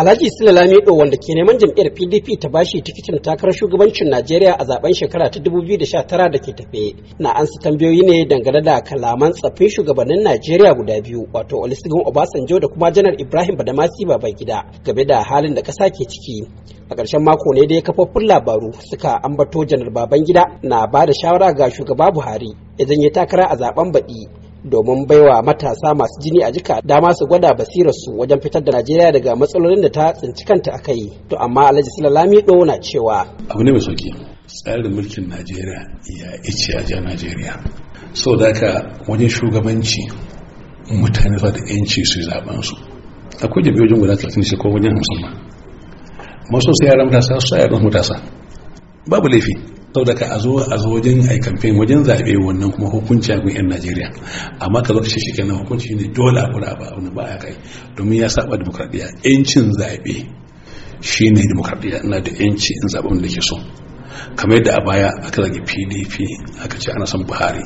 Alhaji Sule Lamido wanda ke neman jam'iyyar PDP ta bashi tikitin takarar shugabancin Najeriya a zaben shekara ta 2019 da ke tafe na ansa tambayoyi ne dangane da kalaman tsaffin shugabannin Najeriya guda biyu wato Olusegun Obasanjo da kuma Janar Ibrahim Badamasi Babangida game da halin da ƙasa ke ciki. A ƙarshen mako ne dai kafofin labaru suka ambato Janar Babangida na ba da shawara ga shugaba Buhari ya janye takara a zaben baɗi domin baiwa matasa masu jini a jika dama su gwada basirarsu wajen fitar da najeriya daga matsalolin da ta tsinci kanta a kai to amma alhaji silalami na cewa abu ne mai sauki tsarin mulkin najeriya ya ice a ja najeriya so da ka wajen shugabanci mutane za da yanci su zaben su akwai jabi wajen guda 36 ko wajen hamsin ma masu sai yaran matasa su sa yaran matasa babu laifi saboda a zo a zo wajen yi kamfen wajen zaɓe wannan kuma hukunci a gun yan Najeriya amma ka zo ka shi kenan hukunci ne dole a kula ba wani ba ya kai domin ya saba demokradiya yancin shi shine demokradiya na da yanci in zaɓe wanda ke so kamar yadda a baya aka zage PDP aka ce ana son Buhari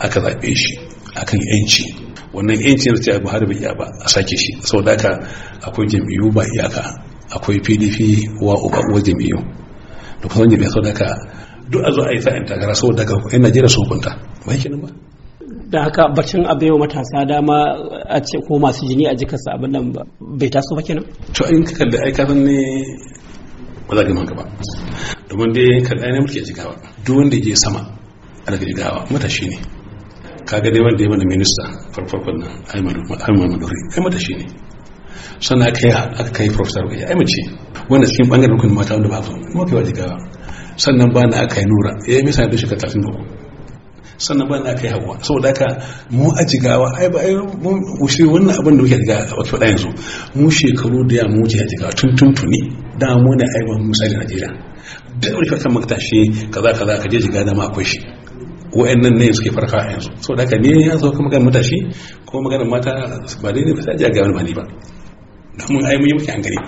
aka zaɓe shi akan yanci wannan yanci da ce Buhari bai iya ba a sake shi da haka akwai jam'iyyu ba iyaka akwai PDP wa uba uwa jam'iyyu da kusan jam'iyyar da haka duk a zo a yi sa'in takara sau daga yan najeriya sun kunta ba shi ba da haka bacin a baiwa matasa dama a ce ko masu jini a jikarsa abin nan bai taso ba kenan to in ka kalli ai kafin ne ba za ka manka ba domin dai kalli ai ne mulki a jigawa duk wanda ya sama a daga jigawa matashi ne ga dai wanda ya mana minista farfarkon nan aiman maduri kai matashi ne sannan aka yi professor ya aimace wanda cikin bangaren rukun mata wanda ba su mafi wa jigawa sannan ba na aka yi nura eh, ya yi misali da shi ka talatin da sannan ba na aka yi hawa saboda haka mu a jigawa ai ba mun wuce wannan abin da muke daga a wata faɗa yanzu mu shekaru da ya wuce a jigawa tun tun tuni da mu ne ai ba mu misali jira da wani fata maka tashi kaza kaza ka je jiga da makon akwai shi wa'annan ne suke farka yanzu saboda haka ne ya zo kuma maganar matashi ko magana mata ba ne ba sai ga wani ba ne ba mun ai mun yi muke an gani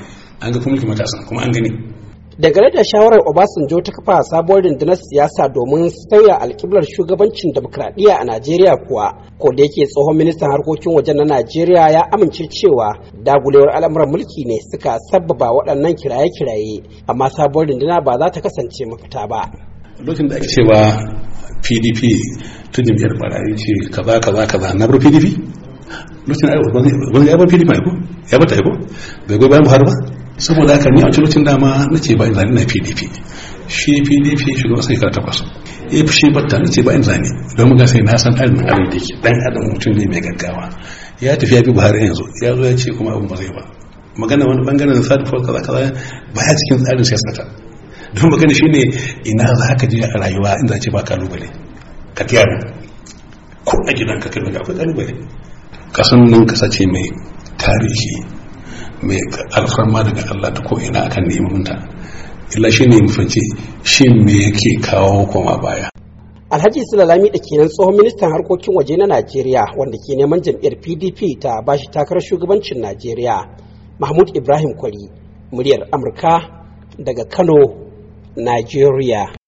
an ga kuma matasan kuma an gani daga da shawarar obasanjo ta kafa sabuwar rundunar siyasa domin sauya alkiblar shugabancin demokradiyya a najeriya kuwa ko da yake tsohon ministan harkokin wajen na najeriya ya amince cewa dagulewar al'amuran mulki ne suka sabbaba waɗannan kiraye-kiraye amma sabuwar rundunar ba za ta kasance mafita ba lokacin da ake cewa pdp tun bara ya ce kaza kaza kaza na bar pdp lokacin da ya bar pdp ya bar ta ya bar bai goyi bayan buhari ba saboda haka ni a lokacin dama na ce ba in zane na pdp shi pdp shugaban sai kar takwas ya eh, fi shi batta na ce ba in zane don muka sai na san halin abin da ke dan adam mutum ne mai gaggawa ya tafi ya bi buhari yanzu ya zo ya ce kuma abin ba zai ba magana wani bangaren da sadu fol kaza kaza baya cikin tsarin siyasata don magana ne ina za ka je a rayuwa inda ce ba kalubale ka tiyara ko a gidanka kai akwai kalubale kasan nan kasa ce mai tarihi mai alfarma daga Allah ta ko'ina akan ne'imominta illa shi ne mafanci shi me yake kawo koma baya Alhaji Sulalami da kenan tsohon ministan harkokin waje na Najeriya wanda ke neman jam'iyyar PDP ta bashi takarar shugabancin Najeriya Mahmud Ibrahim Kwari muryar Amurka daga Kano Najeriya